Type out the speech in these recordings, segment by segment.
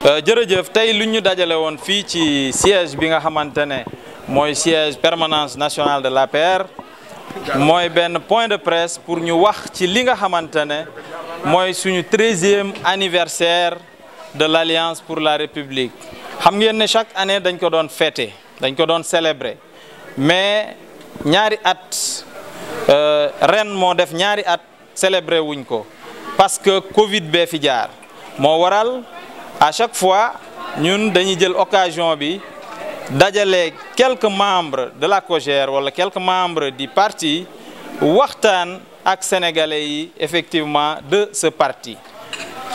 Euh, jërëjëf tey lu ñu dajale woon fii ci siège bi nga xamante ne mooy siège permanence nationale de la per mooy benn point de presse pour ñu wax ci li nga xamante ne mooy suñu treizième anniversaire de l'Alliance pour la République xam ngeen ne chaque année dañ ko doon fêter dañ ko doon célébrer mais ñaari at euh, ren moo def ñaari at célébrer wuñ ko parce que Covid bee fi jaar moo waral à chaque fois ñun dañuy jël occasion bi dajale quelque membre de la COJER wala quelque membre di parti waxtaan ak sénégalais yi effectivement de ce parti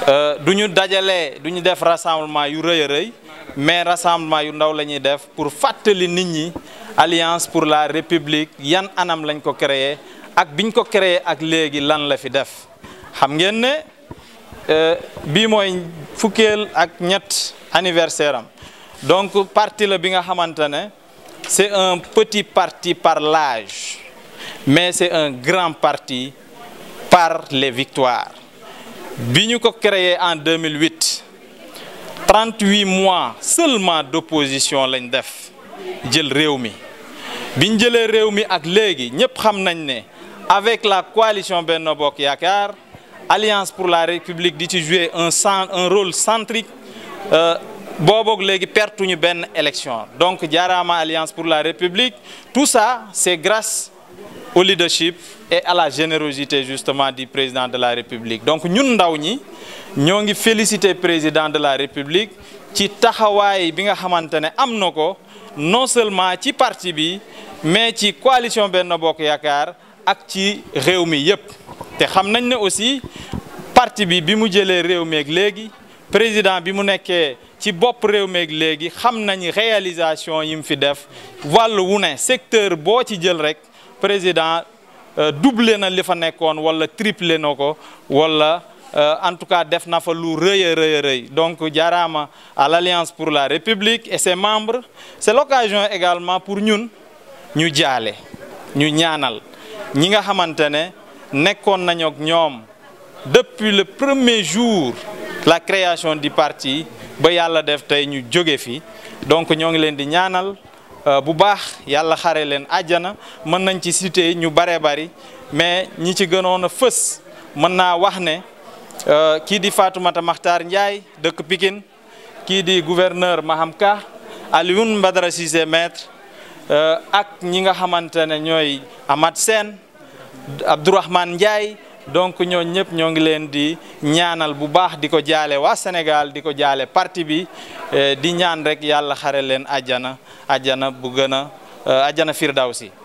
euh, du ñu dajale du ñu def rassemblement yu rëy a rëy. mais rassemblement yu ndaw la ñuy def pour fàttali nit ñi alliance pour la république yan anam lañ ko créer ak biñ ko créé ak léegi lan la fi def xam ngeen ne euh, bii mooy fukkeel ak ñett anniversaire am donc parti la bi nga xamante ne c'est un petit partie par l'âge mais c'est un grand parti par les victoires bi ñu ko créer en 2008 38 mois seulement d'opposition lañ def jël réew mi biñ jëlee réew mi ak léegi ñëpp xam nañ ne avec la coalition benn Bokk Yaakaar Alliance pour la République di ci jouer un cent un rôle centrique euh, booboog léegi pertuñu benn élection donc jaaraama Alliance pour la République tout ça c'est grâce au leadership et à la générosité justement di président de la République donc ñun ndaw ñi ñoo ngi féliciter président de la République ci taxawaay bi nga xamante ne am na ko non seulement ci parti bi mais ci coalition Benno Bokk Yaakaar ak ci réew mi yépp te xam nañ ne aussi parti bi bi mu jëlee réew meeg léegi président bi mu nekkee ci bopp réew meeg léegi xam nañ réalisation yi mu fi def wàllu wu ne secteur boo ci jël rek président euh, doublé na li fa nekkoon wala triplé na ko wala euh, en tout cas def na fa lu rëy a rëy donc jaaraama à l'Alliance pour la République et ses membres c'est l'occasion également pour ñun ñu jaale ñu ñaanal ñi nga xamante ne nekkoon nañu ñoom depuis le premier jour la création du parti ba yàlla def tey ñu jóge fi donc ñoo ngi leen di ñaanal Euh, bu baax yàlla xare leen àjjana mën nañ ci cité ñu baree bari mais ñi ci gënoon a fës mën naa wax ne euh, kii di Fatoumata maxtar Ndiaye dëkk Pikine kii di gouverneur Maham Ka Alioune Badara Cissé maître euh, ak ñi nga xamante ne ñooy Amath sen Abdourahmane njaay donc ñooñu ñëpp ñoo ngi leen di ñaanal bu baax di ko jaale wa Sénégal di ko jaale parti bi di ñaan rek yàlla xare leen àjjana ajjana bu gën a ajjana euh, firdawsi